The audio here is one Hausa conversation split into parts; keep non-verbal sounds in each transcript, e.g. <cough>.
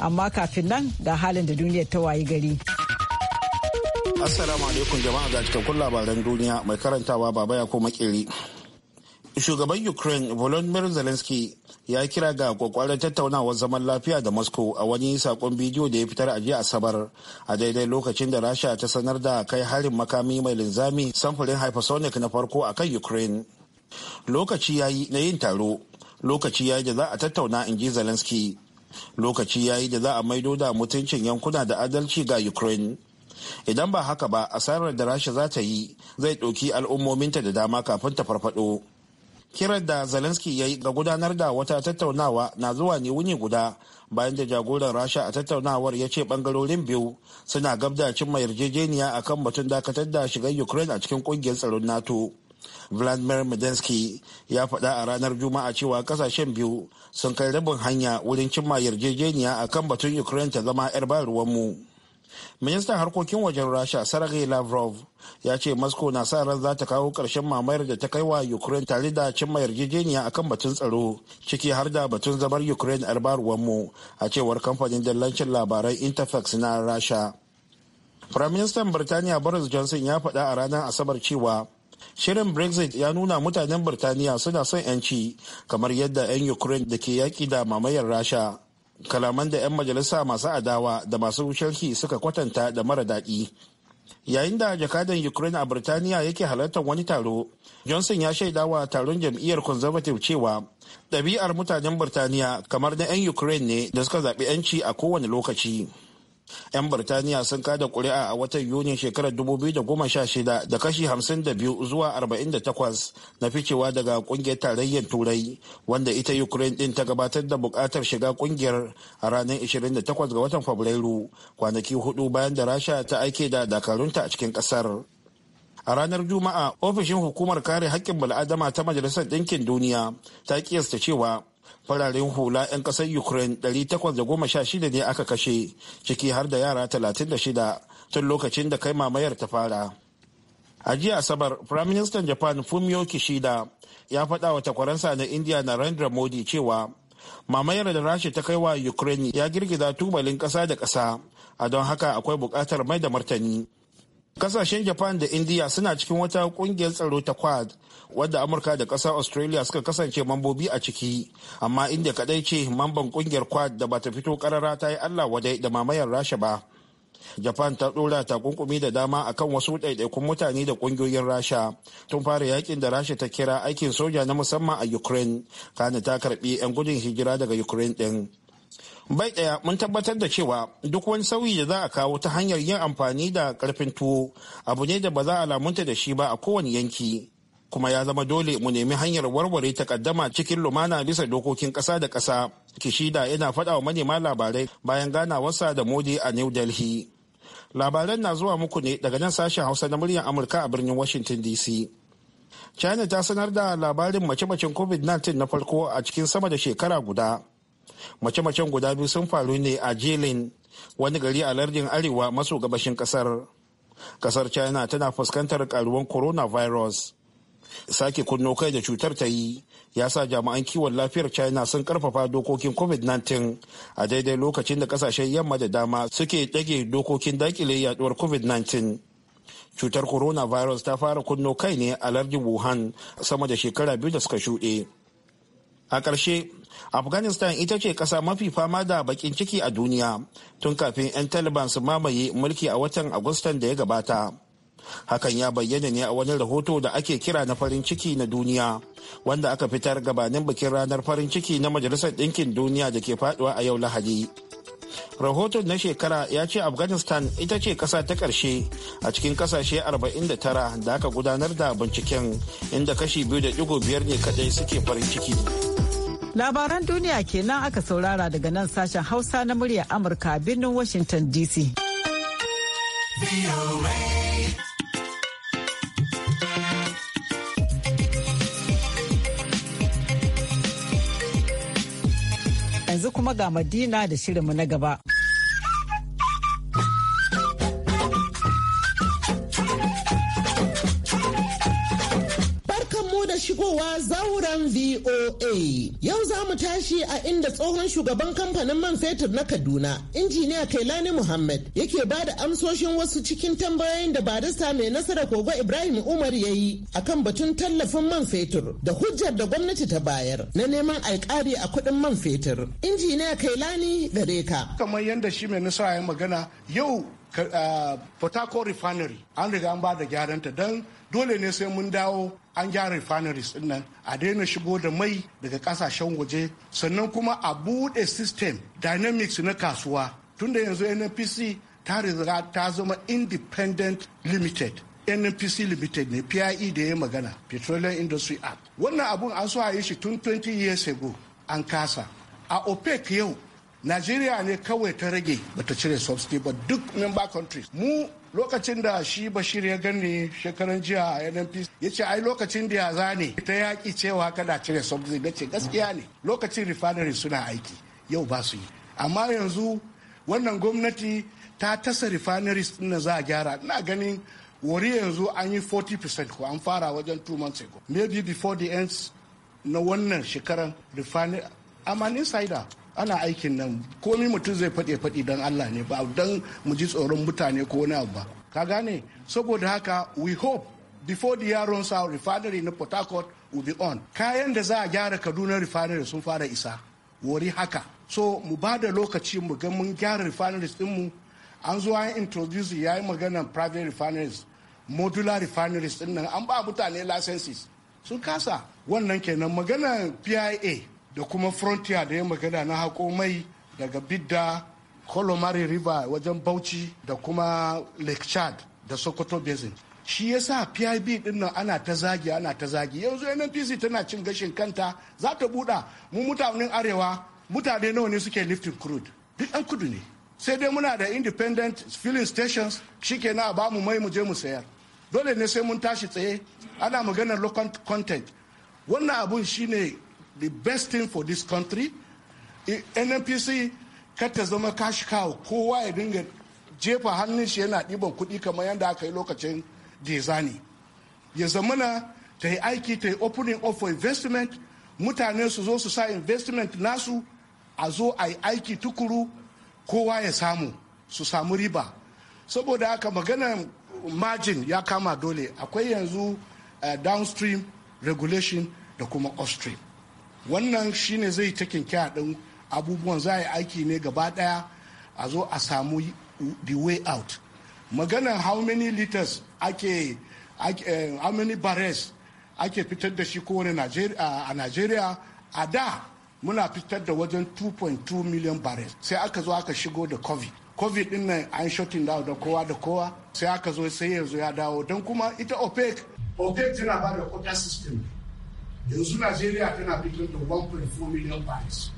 amma kafin nan ga halin da duniyar ta wayi gari. Assalamu alaikum jama'a ga cikakkun labaran duniya mai karantawa baba ya koma makeri. Shugaban Ukraine Volodymyr Zelensky ya kira ga kwakwaran tattaunawar zaman lafiya da Moscow a wani sakon bidiyo da ya fitar a jiya Asabar a daidai lokacin da Rasha ta sanar da kai harin makami mai linzami samfurin hypersonic na farko a kan Ukraine. Lokaci ya yi na yin taro, lokaci ya yi da za a tattauna in ji Zelensky. lokaci ya yi da za a maido da mutuncin yankuna da adalci ga ukraine idan ba haka ba asarar da rasha za ta yi zai ɗauki al'ummominta da dama kafin ta farfado kiran da zelensky ya yi ga gudanar da wata tattaunawa na zuwa ne wuni guda bayan da jagoran rasha a tattaunawar ya ce bangarorin biyu suna gabda cimma yarjejeniya akan batun dakatar da shigar ukraine a cikin kungiyar tsaron nato vladimir medinsky ya faɗa a ranar juma'a cewa kasashen biyu sun kai rabin hanya wurin cimma yarjejeniya a kan batun ukraine ta zama 'yar mu. ministan harkokin wajen rasha sergei lavrov ya ce moscow na sa ran za ta kawo ƙarshen mamayar da ta kai wa ukraine tare da cimma yarjejeniya akan batun tsaro ciki har da batun zamar ukraine 'yar mu a cewar kamfanin dallancin labaran interfax na rasha firaministan birtaniya boris johnson ya faɗa a ranar asabar cewa shirin brexit ya nuna mutanen birtaniya suna son 'yanci kamar yadda 'yan ukraine da ke yaƙi da mamayar rasha kalaman da 'yan majalisa masu adawa da masu sharhi suka kwatanta da mara daɗi yayin da jakadan ukraine a birtaniya yake halartar wani taro johnson ya shaida wa taron jam'iyyar conservative cewa ɗabi'ar mutanen birtaniya kamar na 'yan ukraine ne da suka zaɓi 'yanci a kowane lokaci 'Yan Birtaniya sun kada kuri'a a watan Yuni shekarar 2016 da kashi 52 zuwa 48 na ficewa daga kungiyar tarayyar Turai, wanda ita Ukraine din ta gabatar da bukatar shiga kungiyar a ranar 28 ga watan Fabrairu, kwanaki hudu bayan da Rasha ta aike da dakarunta a cikin kasar. a ranar juma'a ofishin hukumar kare haƙƙin bil'adama ta majalisar ɗinkin duniya ta kiyasta cewa fararen hula 'yan ƙasar ukraine 816 ne aka kashe ciki har da yara 36 tun lokacin da kai mamayar ta fara a jiya asabar firaministan japan fumio kishida ya faɗa wa takwaransa na india narendra modi cewa mamayar da rashi ta kai wa ukraine ya girgiza tubalin ƙasa da ƙasa a don haka akwai buƙatar mai da martani kasashen japan da india suna cikin wata kungiyar tsaro ta kwad. wadda amurka da ƙasar australia suka kasance mambobi a ciki amma inda kadai ce mamban kungiyar kwad da bata fito karara ta yi allah wadai da mamayar rasha ba japan ta dora takunkumi da dama akan wasu ɗaiɗaikun mutane da ƙungiyoyin rasha tun fara yakin da rasha ta kira aikin soja na musamman a ukraine kana ta karbi 'yan gudun hijira daga ukraine ɗin bai ɗaya mun tabbatar da cewa duk wani sauyi da za a kawo ta hanyar yin amfani da karfin tuwo abu ne da ba za a lamunta da shi ba a kowane yanki kuma ya zama dole mu nemi hanyar warware takaddama cikin lumana bisa dokokin ƙasa da ƙasa kishida yana faɗa wa manema labarai bayan ganawarsa da modi a new delhi labaran na zuwa muku ne daga nan sashen hausa na muryar amurka a birnin washington dc china ta sanar da labarin mace-macen covid-19 na farko a cikin sama da shekara guda mace-macen guda biyu sun faru ne a jilin wani gari a lardin arewa maso gabashin kasar kasar china tana fuskantar karuwan coronavirus sake kunno kai da cutar ta yi ya sa jami'an kiwon lafiyar china sun karfafa dokokin covid-19 a daidai lokacin da kasashen yamma da dama suke ɗage dokokin dakile yaduwar covid-19 cutar coronavirus ta fara kunno kai ne a lardin wuhan sama da shekara biyu da suka shuɗe a ƙarshe afghanistan ita ce ƙasa mafi fama da baƙin ciki a duniya tun kafin 'yan taliban su mamaye mulki a watan agustan da ya gabata hakan ya bayyana ne a wani rahoto da ake kira na farin ciki na duniya wanda aka fitar gabanin bikin ranar farin ciki na majalisar ɗinkin duniya da ke faduwa a yau lahadi rahoton na shekara ya ce afghanistan ita ce ƙasa ta ƙarshe a cikin ƙasashe 49 da aka gudanar da binciken inda kashi biyu da digo biyar ne kadai suke farin ciki labaran duniya kenan aka saurara daga nan sashen hausa na murya amurka birnin washington dc yanzu kuma ga Madina da shirinmu na gaba. shigowa zauren VOA. Yau za mu tashi a inda tsohon shugaban kamfanin man fetur na Kaduna, injiniya Kailani Muhammad yake ba da amsoshin wasu cikin tambayoyin da barista mai nasara kogo Ibrahim Umar ya yi a kan batun tallafin man fetur da hujjar da gwamnati ta bayar na neman alkari a kuɗin man fetur. Injiniya Kailani gare ka. Kamar yadda shi mai nasara ya magana yau ah, Port refinery an riga an ba da gyaranta don dole ne sai mun dawo an gyara refineries din nan a daina shigo da mai daga kasashen waje sannan kuma a bude system dynamics na kasuwa tunda yanzu nnpc ta riga ta zama independent limited nnpc limited ne pie da ya magana petroleum industry act wannan abun an so a yi shi tun 20 years ago an kasa a opec yau najeriya ne kawai ta rage bata cire subsidy ba duk member countries mu lokacin da shi bashir ya gani shekaran jiya a NNP ya ce ai lokacin da ya zane ta yaƙi cewa kada cire subsidy da ce gaskiya ne lokacin refinery suna aiki yau ba su yi amma yanzu wannan gwamnati ta tasa refineries na za a gyara na ganin wari yanzu an yi 40% ko an fara wajen 2 months ago maybe before the end na wannan shekaran refinery amma insider ana aikin nan komi mutum zai faɗe faɗi don allah ne ba don mu ji tsoron mutane ko wani abu ba ka gane saboda haka we hope before the year runs out refinery na port harcourt will be on kayan da za a gyara kaduna refinery sun fara isa wori haka so mu ba da lokaci mu ga mun gyara refineries dinmu an zo an introduce ya yi maganar private refineries modular refineries din nan an ba mutane licenses sun kasa wannan kenan maganar pia da kuma frontier da ya magana na haƙo mai daga bidda colomari river wajen bauchi da kuma lake chad da sokoto basin shi ya sa pib din ana ta zagi ana ta zagi yanzu nnpc tana cin gashin kanta za ta buɗa mu mutanen arewa mutane nawa ne suke lifting crude duk ɗan kudu ne sai dai muna da independent filling stations shi shikenan a mu mai mu je mu sayar dole ne sai mun tashi tsaye ana maganar local content wannan abun shine the best thing for this country nnpc kar ta zama cash cow kowa ya dinga jefa hannun shi yana ɗiban kuɗi kamar yadda aka yi lokacin dezani ya zamana ta yi aiki ta yi opening up for investment mutane su zo su sa investment nasu a zo a yi aiki tukuru kowa ya samu su samu riba saboda haka magana margin ya kama dole akwai yanzu uh, downstream regulation da kuma upstream wannan shine zai ta kinkiya din abubuwan za a yi aiki ne gaba daya a zo a samu the way out maganan how many liters ake eh, how many barrels ake fitar da shi kowane a nigeria a da muna fitar da wajen 2.2 million barrels sai aka zo aka shigo da covid covid din nan an shutting down da kowa da kowa sai aka zo sai yanzu ya dawo don kuma ita opec opec tana ba da quota system yanzu najeriya tana fitar da 1.4 million bags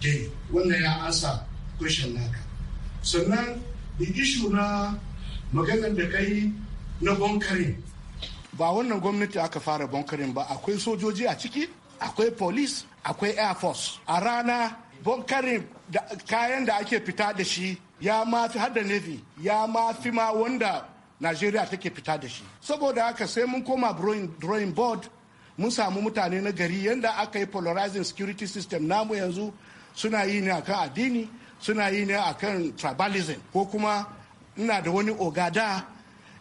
day wannan ya ansa question naka sannan da ishu na maganar da kai na bonkarin ba wannan gwamnati aka fara bonkarin ba akwai sojoji a ciki akwai police akwai air force a rana bonkarin da kayan da ake fita da shi ya ma fi hada navy ya ma fi ma wanda najeriya take fita da shi saboda haka sai mun koma drawing board mun samu mutane na gari yadda aka yi polarizing security system namu yanzu suna yi ne akan addini suna yi ne akan tribalism ko kuma ina da wani ogada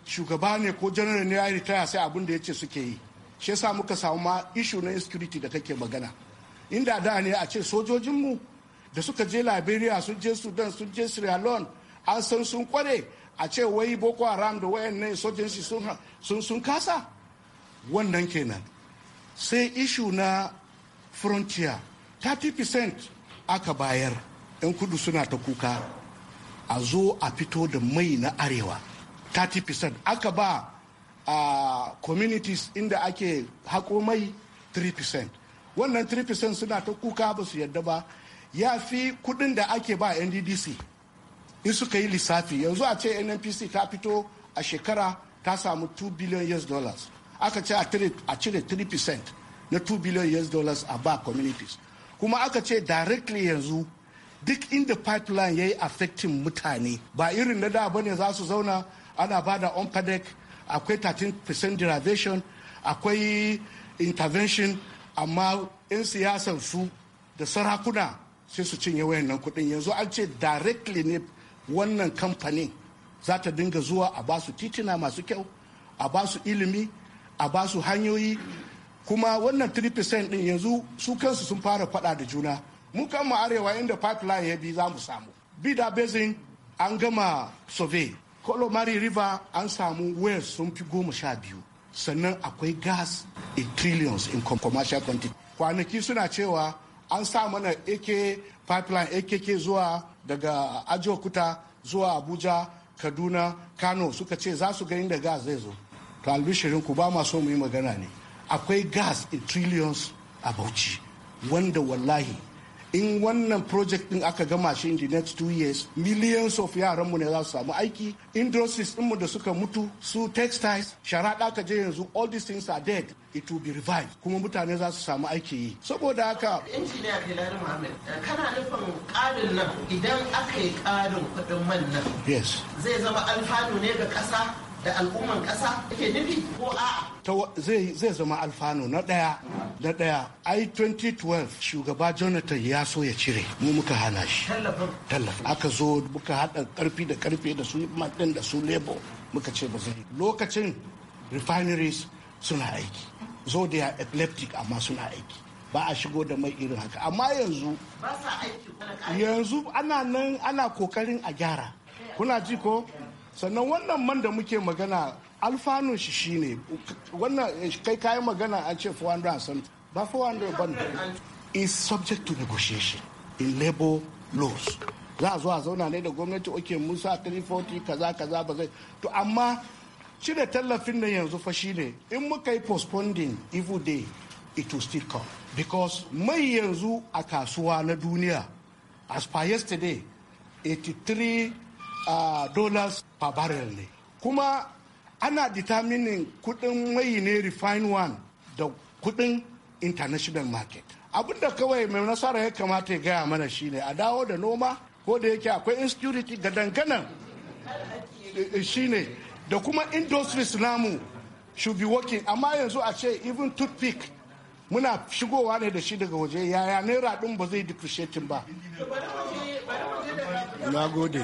shugaba ne ko general ne ya ritaya sai abin da ya ce suke yi shi yasa muka samu ma ishu na insecurity da kake magana inda da ne a ce sojojinmu da suka je liberia sun je sudan sun je sierra leone an san sun kware a ce wai boko haram da wayan nan sojinsu sun kasa wannan kenan sai ishu na frontier 30% aka bayar 'yan kudu suna ta kuka a zo a fito da mai na arewa 30% aka ba a communities inda ake haƙo mai 3% wannan 3% suna ta kuka ba su yadda ba ya fi kudin da ake ba nddc in suka yi lissafi yanzu a ce nnpc ta fito a shekara ta samu 2 billion us dollars aka ce a cire 3% na 2 billion US dollars a ba communities kuma aka ce directly yanzu duk inda pipeline ya yi affecting mutane ba irin na da bane za su zauna ana ba da onpadec akwai 13% derivation akwai intervention amma 'yan siyasar su da sarakuna sai su cinye wayannan kuɗin yanzu an ce directly ne wannan kamfanin za ta dinga zuwa a ba su titina masu kyau a ba su ilimi a ba su hanyoyi kuma wannan 3% din yanzu su kansu sun fara fada da juna mu mu arewa inda pipeline ya bi za mu samu bida basin an gama survey colomari river an samu wells sun fi goma sha biyu sannan akwai gas in trillions in commercial quantity kwanaki suna cewa an sa mana ak pipeline akk zuwa daga ajokuta zuwa abuja kaduna kano suka ce za su ga inda gas zai zo to albishirin ku ba ma so mu yi magana ne akwai gas in trillions a bauchi wanda wallahi in wannan project din aka gama shi in the next two years millions of yaranmu ne za su samu aiki industries mu da suka mutu su textiles sharaɗa ka je yanzu all these things are dead it will be revived kuma mutane za su samu aiki yi saboda haka injiniya Bilal Muhammad kana nufin ƙarin nan idan aka yi ƙarin kuɗin man nan yes zai zama alfanu ne ga ƙasa da al'umman ƙasa yake nufi ko a'a. zai zama alfano na ɗaya na ɗaya ai 2012 shugaba jonathan ya so ya cire mu muka hana shi tallafin aka zo muka hada karfi da karfe da su ɗin da su lebo muka ce ba zai lokacin refineries suna aiki zo da epileptic amma suna aiki ba a shigo da mai irin haka amma yanzu yanzu ana nan ana kokarin a gyara kuna ji ko sannan wannan man da muke magana alfanun shi shine wannan eh, kai kayan magana an ce 400 ba 400 ba is subject to negotiation in labor laws za a zo a zauna ne da gwamnati oke musa 340 kaza kaza ba zai to amma cire tallafin nan yanzu fa shine in muka yi postponing evil day it will still come because mai yanzu a kasuwa na duniya as per yesterday 83 dollars per barrel ne kuma ana determining kudin mai ne refine one da kudin international market da kawai mai nasara ya kamata ya gaya mana shine a dawo da noma ko da yake akwai insecurity ga danganan eh, shine da kuma industries namu should be working amma yanzu a ce even toothpick muna shigowa ne da shi daga waje yaya naira din ba zai depreciating ba na gode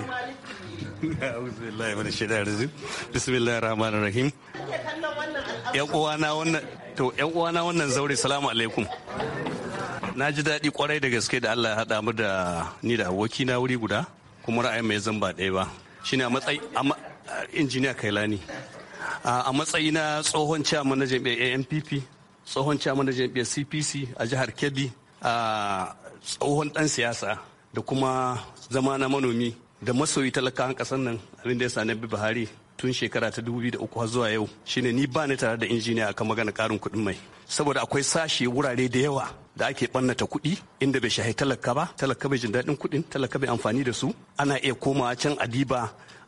Bismillahir Rahmanir Rahim. wannan to yan uwana wannan zaure salamu alaikum. Na ji daɗi kwarai da gaske da Allah ya haɗa mu da ni da aboki na wuri guda kuma ra'ayin mai zan ba ɗaya ba. Shine a matsayi a injiniya Kailani. A matsayi na tsohon chairman na jam'iyyar ampp tsohon chairman na jam'iyyar CPC a jihar Kebbi, a tsohon ɗan siyasa da kuma zama na manomi da masoyi talakawan kasar nan abin da ya sani bi Buhari tun shekara ta 2003 har zuwa yau shine ni ba ni tare da injiniya akan magana karin kuɗin mai saboda akwai sashe wurare da yawa da ake bannata kuɗi inda bai shahi talaka ba talaka bai jin daɗin kuɗin talaka bai amfani da su ana iya komawa can adiba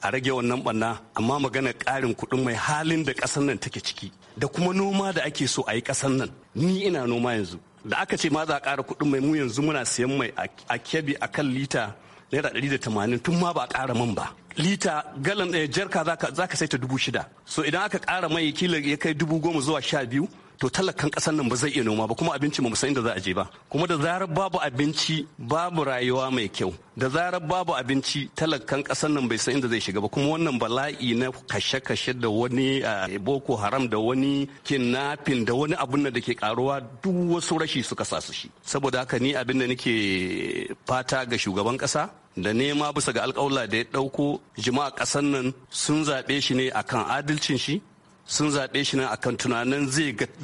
a rage wannan banna amma magana ƙarin kuɗin mai halin da ƙasar nan take ciki da kuma noma da ake so a yi ƙasar nan ni ina noma yanzu da aka ce ma za a ƙara kuɗin mai mu yanzu muna siyan mai a kebi a kan lita naira ɗari da tamanin tun ma ba a ƙara man ba lita galan eh, jarka za ka sai ta dubu shida so idan aka ƙara mai kila ya kai dubu goma zuwa sha biyu to talakan kasan nan ba zai iya noma ba kuma abinci ba mu inda za a je ba kuma da zarar babu abinci babu rayuwa mai kyau da zarar babu abinci talakan kasan nan bai san inda zai shiga ba kuma wannan bala'i na kashe-kashe da wani eh, boko haram da wani kidnapping da wani abun da ke karuwa duk wasu rashi suka sa su shi saboda haka ni abin da nake fata ga shugaban kasa da nema bisa ga alƙawla da ya ɗauko jima'a kasan nan sun zaɓe shi ne akan adalcin shi sun zaɓe shi ne a kan tunanin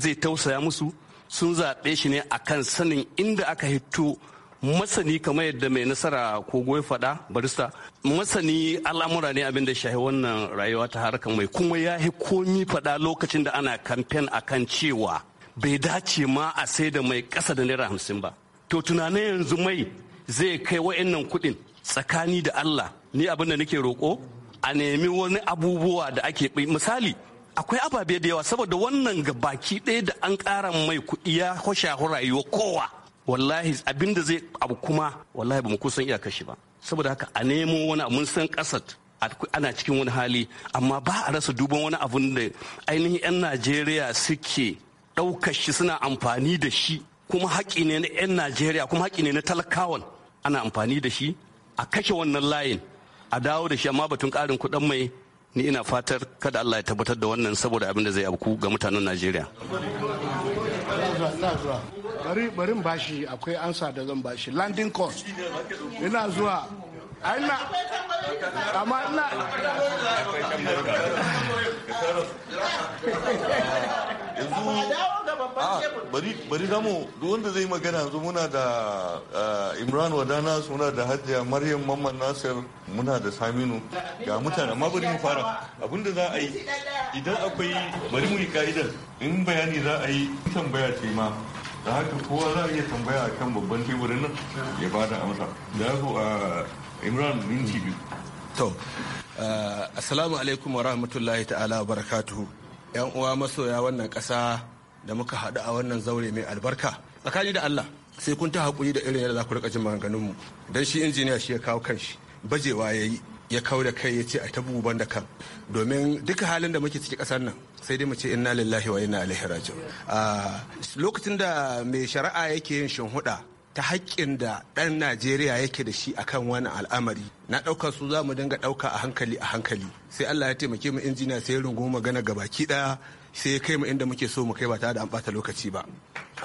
zai tausaya musu sun zaɓe shi ne a kan sanin inda aka hito masani kamar yadda mai nasara ko goyi fada barista masani al'amura ne abin da shahi wannan rayuwa ta harka mai kuma ya yi komi faɗa lokacin da ana kamfen a kan cewa bai dace ma a sai da mai ƙasa da naira hamsin ba to tunanin yanzu mai zai kai wa'annan kuɗin tsakani da allah ni abin da nake roƙo a nemi wani abubuwa da ake misali akwai ababe da yawa saboda wannan ga baki ɗaya da an ƙara mai kuɗi ya shahu rayuwa kowa wallahi abin da zai abu kuma wallahi ba mu kusan iya kashi ba saboda haka a nemo wani mun san ƙasar ana cikin wani hali amma ba a rasa duban wani abun da ainihin 'yan najeriya suke ɗaukar shi suna amfani da shi kuma haƙi ne na 'yan najeriya kuma haƙi ne na talakawan ana amfani da shi a kashe wannan layin a dawo da shi amma batun ƙarin kuɗin mai ni ina fatar kada Allah ya tabbatar da wannan saboda abin da zai abku ga mutanen Najeriya. Bari barin bashi akwai ansa da zan bashi landing cost ina zuwa aina amma ina yanzu Ah, babban bari bari zamu duk wanda zai magana yanzu muna da eh, Imran Wadana suna da Hajiya Maryam Mamman Nasir muna da Saminu ga mutane amma bari mu fara abinda za a yi idan akwai bari mu yi ka'idar in bayani za a yi tambaya ce ma da haka kowa za a iya tambaya a kan babban teburin nan ya ba da amsa da haka a eh, imran minti biyu to eh, assalamu alaikum wa rahmatullahi ta'ala wa barakatuhu yan uwa masoya wannan ƙasa da muka haɗu a wannan zaure mai albarka tsakani da Allah sai kun ta haƙuri da irin yadda za ku rika jin maganganunmu don shi injiniya shi ya kawo kanshi bajewa ya yi ya kawo da kai ya ce a ta ban da kan domin duka halin da muke ciki ƙasar nan sai dai mu ce inna lillahi wa inna ilaihi raji'un ah, lokacin da mai shari'a yake yin shinhuda ta haƙƙin da ɗan najeriya yake da shi akan wani al'amari na ɗaukar su za mu dinga ɗauka a hankali a hankali sai allah ya taimake mu injiniya sai ya rungu magana gabaki ɗaya sai ya kai mu inda muke so mu kai ba tare da an bata lokaci ba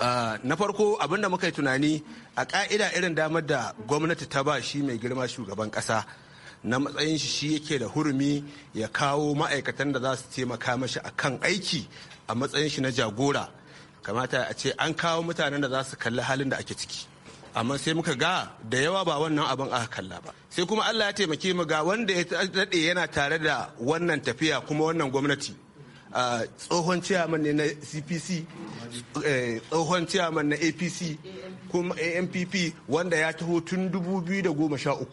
ah, na farko abin da muka yi tunani a ka'ida irin damar da gwamnati ta ba shi mai girma shugaban kasa na matsayin shi shi yake da hurumi ya kawo ma'aikatan da za su taimaka mashi a kan aiki a matsayin shi na jagora kamata a ce an kawo mutanen da za su kalli halin da ake ciki amma sai muka ga da yawa ba wannan abin aka kalla ba sai kuma allah ya taimake mu ga wanda ya daɗe yana tare da wannan tafiya kuma wannan gwamnati tsohon ciyaman ne na cpc eh, tsohon ciyaman na apc kuma ampp wanda ya taho tun 2013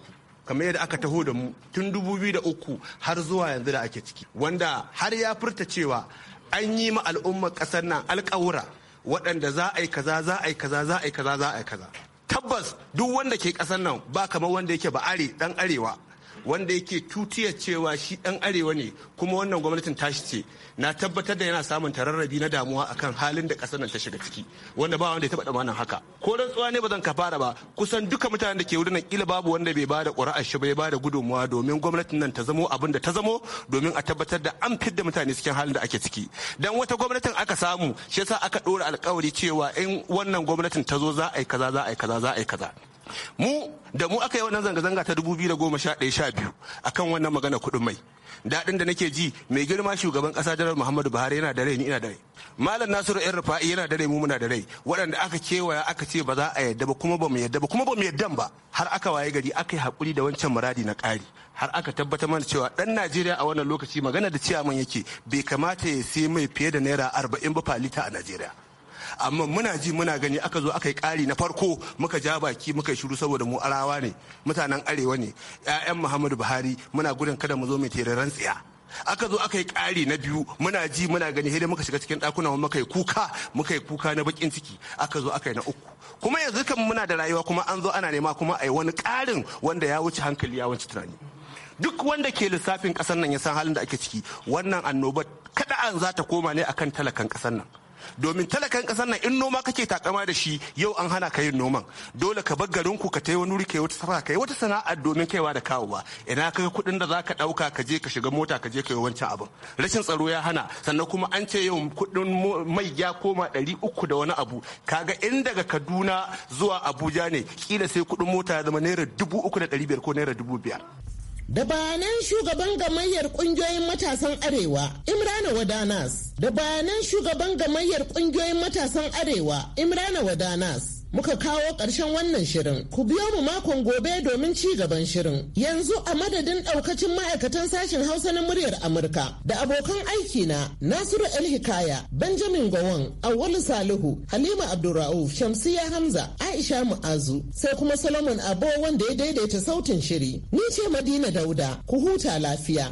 kamar yadda aka taho da mu tun 2003 har zuwa yanzu da ake ciki wanda har ya furta cewa an yi ma al'ummar ƙasar nan alkawura waɗanda za a yi kaza za a yi kaza za a yi kaza za a yi kaza tabbas duk wanda ke ƙasar nan ba kamar wanda yake ba are dan arewa wanda yake tutiya cewa shi dan arewa ne kuma wannan gwamnatin tashi ce na tabbatar da yana samun tararrabi na damuwa akan halin da kasar nan ta shiga ciki wanda ba wanda ya taba wannan haka ko rantsuwa ne ba zan fara ba kusan duka mutanen da ke wurin nan kila babu wanda bai bada ƙuri'ar shi bai bada gudunmuwa domin gwamnatin nan ta zamo abin da ta zamo domin a tabbatar da an fidda mutane cikin halin da ake ciki dan wata gwamnatin aka samu shi yasa aka dora alkawari cewa in wannan gwamnatin ta zo za a yi kaza za a yi kaza za a yi kaza mu da mu aka yi wannan zanga-zanga ta 2011-12 akan wannan magana kuɗin mai daɗin da nake ji mai girma shugaban ƙasa janar muhammadu buhari yana da rai ni ina da rai malam nasiru yan rufa'i yana da rai mu muna da rai waɗanda aka kewaya aka ce ba za a yadda ba kuma ba mu yadda ba kuma ba mu yadda ba har aka waye gari aka yi haƙuri da wancan muradi na ƙari har aka tabbatar mana cewa ɗan najeriya a wannan lokaci magana da ciyaman yake bai kamata ya sai mai fiye da naira arba'in ba falita a najeriya amma muna ji muna gani aka zo aka yi ƙari na farko muka ja baki muka yi shiru saboda mu arawa ne mutanen arewa ne 'ya'yan muhammadu buhari muna gudun kada mu zo mai teraren tsiya aka zo aka yi ƙari na biyu muna ji muna gani sai muka shiga cikin ɗakuna muka yi kuka muka yi kuka na bakin ciki aka zo aka yi na uku kuma yanzu kan muna da rayuwa kuma an zo ana nema kuma a wani ƙarin wanda ya wuce hankali ya wuce tunani duk wanda ke lissafin ƙasar nan ya san halin da ake ciki wannan annobar kada an za ta koma ne akan talakan ƙasar nan domin talakan kasar nan in noma kake takama da shi yau an hana ka yin noman dole ka bar garin ku ka tai wani wuri wata sana'a kai wata sana'a domin kaiwa da kawowa ina kai kuɗin da zaka ɗauka ka je ka shiga mota ka je ka yi wancan abin rashin tsaro ya hana sannan kuma an ce yau kuɗin mai ya koma ɗari uku da wani abu kaga in daga Kaduna zuwa Abuja ne kila sai kuɗin mota ya zama naira dubu uku da ɗari biyar ko naira dubu biyar. Da bayanan shugaban gamayyar kungiyoyin matasan Arewa, Imrana Wadanas. Da bayanan shugaban gamayyar kungiyoyin matasan Arewa, Imrana Wadanas. Muka kawo ƙarshen wannan shirin. Ku biyo mu makon gobe domin ci gaban shirin. Yanzu a madadin ɗaukacin ma'aikatan sashen Hausa na muryar Amurka da abokan aiki na Nasiru El Hikaya, Benjamin Gowon, Awwalu Salihu, Halima Abdulra'uf, Shamsiya Hamza, Aisha Mu'azu, sai kuma Solomon Abo wanda ya daidaita sautin shiri. Ni ce Madina Dauda, ku huta lafiya.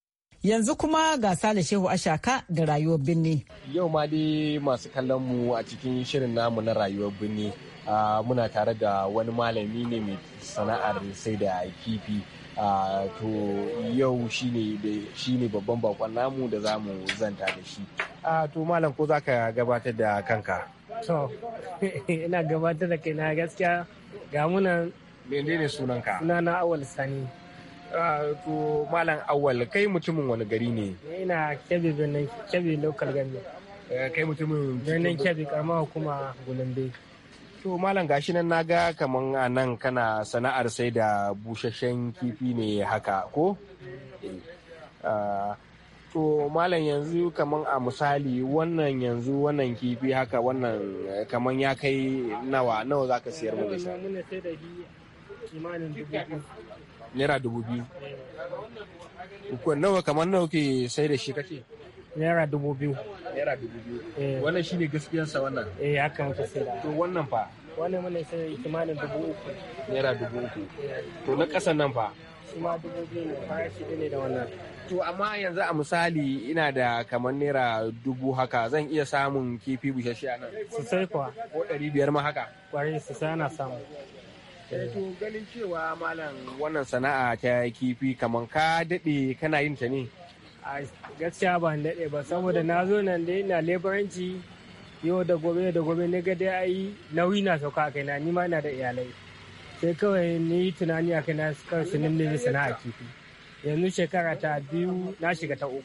Yanzu kuma gasa da Shehu Ashaka da rayuwar birni. Yau ma dai masu kallon mu a cikin shirin namu na rayuwar birni. muna tare da wani malami ne mai sana'ar sai da kifi. to yau shi ne babban bakon namu da za mu zanta da shi. to malam ko za ka gabatar da kanka? To, <laughs> ina gabatar da kaina gaskiya ga munan. Mene ne sunanka? Sunana Awal Sani. to malam awal kai mutumin wani gari ne ina kebe birnin kebe local gami kai mutumin birnin kebe karama hukuma gulumbe to malam gashi nan naga kaman a nan kana sana'ar sai da busasshen kifi ne haka ko eh, to malam yanzu kaman a misali wannan yanzu wannan kifi haka wannan kaman ya kai nawa nawa zaka siyar mu da shi naira dubu biyu nawa kamar nawa ke sai da shi kake naira dubu biyu naira dubu biyu eh. wannan shi ne gaskiyarsa wannan eh haka muka sai da to wannan fa wannan mun sai kimanin dubu uku naira dubu uku eh. to na kasan nan fa shi ma dubu biyu ne farashi ne da wannan to amma yanzu a misali ina da kamar naira dubu haka zan iya samun kifi bushashe a nan sosai kuwa ko ɗari biyar ma haka kwarai sosai ana samu Eh, eh. to ganin cewa malam wannan sana'a ta kifi kamar ka daɗe kana yin ta ne a gaskiya ban daɗe ba saboda na zo nan dai na leburanci yau da gobe da gobe na ga dai yi nauyi na sauka kai na nima na da iyalai sai kawai ni tunani a kai na kan su nemi sana'a kifi yanzu shekara ta biyu na shiga ta uku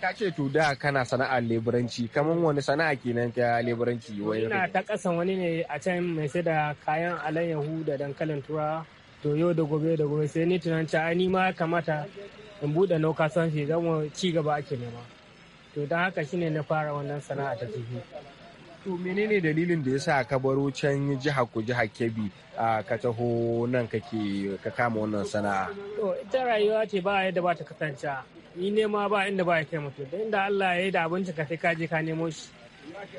ka ce to da kana sana'ar leburanci kamar wani sana'a kenan ta leburanci wai ina ta kasan wani ne a can mai sai da kayan alayyahu da dankalin tura to yau da gobe da gobe sai ni tunanci ta ni ma kamata in bude nau shi zan ci gaba ake nema to dan haka shine na fara wannan sana'a ta tafi. to menene dalilin da yasa ka baro can jihar ku jihar kebbi a ka taho nan kake ka kama wannan sana'a to ita rayuwa ce ba yadda ba ta kasance Ni nema ba inda ba ya kai mutum da inda Allah ya yi da abinci ka sai ka je ka nemo shi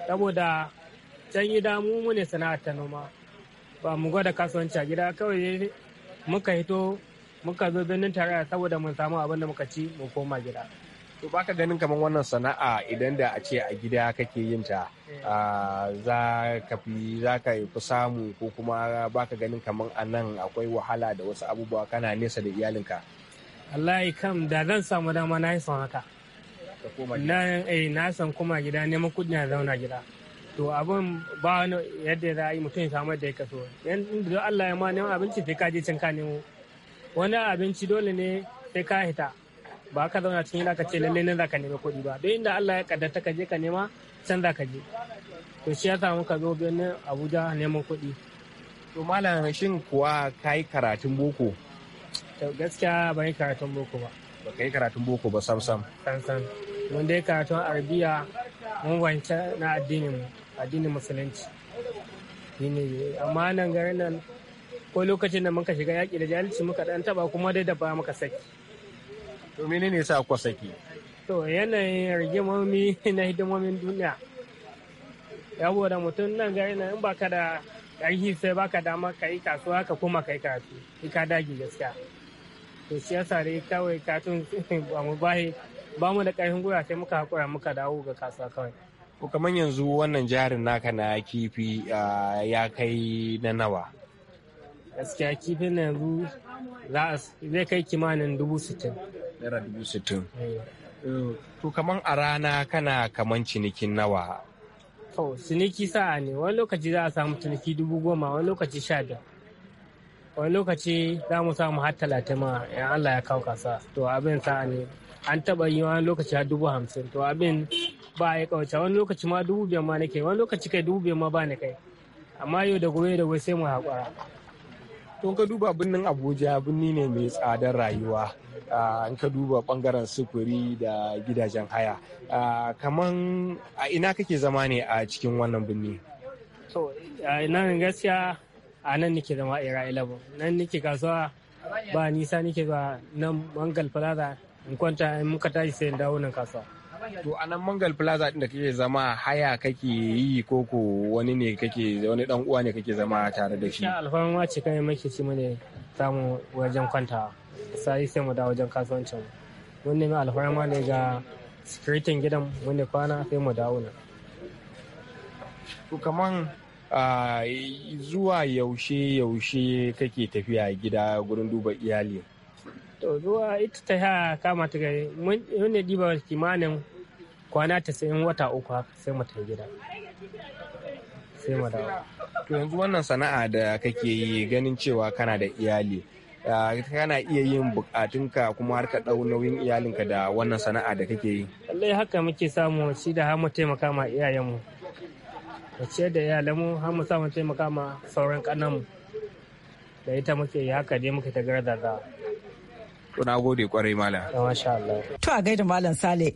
saboda can gida mu mu ne sana'ar ta noma ba mu gwada kasuwanci a gida kawai muka hito muka zo birnin tare saboda mun samu abin da muka ci mu koma gida to baka ganin kamar wannan sana'a idan da a ce a gida kake yin ta eh. ah, za ka fi za ka fi samu ko kuma baka ganin kamar a nan akwai wahala da wasu abubuwa kana nesa da iyalinka wallahi kam da zan samu dama na yi son haka na eh san kuma gida neman kuɗi na zauna gida to abin ba wani yadda za a yi mutum ya samu da ya kaso yan da Allah ya ma neman abinci sai ka je can ka nemo wani abinci dole ne sai ka hita ba ka zauna cikin gida ka ce lalle nan za ka nemi kuɗi ba duk inda Allah ya kaddata ka je ka nema can za ka je to shi ya samu ka zo birnin Abuja neman kuɗi to malam shin kuwa yi karatun boko To gaskiya bai yi karatun boko ba. Ba ka yi karatun boko ba sam sam. Sam sam. Mun dai karatun arabiya mun wance na addinin addinin musulunci. Shine amma nan garin nan ko lokacin da muka shiga yaƙi da jahilci muka dan taba kuma dai da ba muka saki. To menene yasa kuka saki? To yanayin rigimomi na hidimomin duniya. da mutum nan garin nan in baka da ƙarfi sai baka dama ka yi kasuwa ka koma ka yi karatu. Ka dagi gaskiya. to shi yasa dai kawai katun <laughs> ba mu bahi ba mu da karfin gwiwa sai muka haƙura muka dawo ga kasuwa kawai ko kamar yanzu wannan jarin naka na kifi ya kai na nawa gaskiya kifin na yanzu zai kai kimanin dubu sittin naira dubu sittin eh. to kamar a rana kana kamar cinikin nawa to ciniki sa'a ne wani lokaci za a samu ciniki dubu goma wani lokaci sha biyar wani lokaci za mu samu har talatin ma in Allah ya kawo kasa to abin sa'a ne an taɓa yi wani lokaci har dubu hamsin to abin ba ya kauce wani lokaci ma dubu biyar ma na kai. wani lokaci kai dubu biyar ma ba ni kai amma yau da gobe da gobe sai mu haƙura to ka duba birnin abuja birni ne mai tsadar rayuwa an ka duba bangaren sufuri da gidajen haya kaman a ina kake zama ne a cikin wannan birni to ina gaskiya a nan nake zama era 11 nan nake kasuwa ba nisa nake ba nan mangal plaza in kwanta in muka tashi sai in dawo nan kasuwa to a nan mangal plaza din da kake zama haya kake yi koko wani ne kake wani dan uwa ne kake zama tare da shi alfarma ce kai muke ci mune samu wajen kwanta, sai sai mu dawo wajen kasuwancin wanda mai alfarma ne ga sikiritin gidan wanda kwana sai mu dawo nan to kaman zuwa yaushe yaushe kake tafiya gida gurin duba iyali to zuwa ita ta ya kama ta gari mun diba kimanin kwana tasa'in wata uku haka sai mu gida sai mu dawo to yanzu wannan sana'a da kake yi ganin cewa kana da iyali kana iya yin bukatunka kuma har ka ɗau nauyin iyalinka da wannan sana'a da kake yi lallai haka muke samu shi da har mu taimaka ma iyayenmu da ciyar da iyalanmu har mu samu taimaka ma sauran kananmu da ita muke yi haka ne muke ta da. za. na gode kwarai mala. To a gaida malam Sale.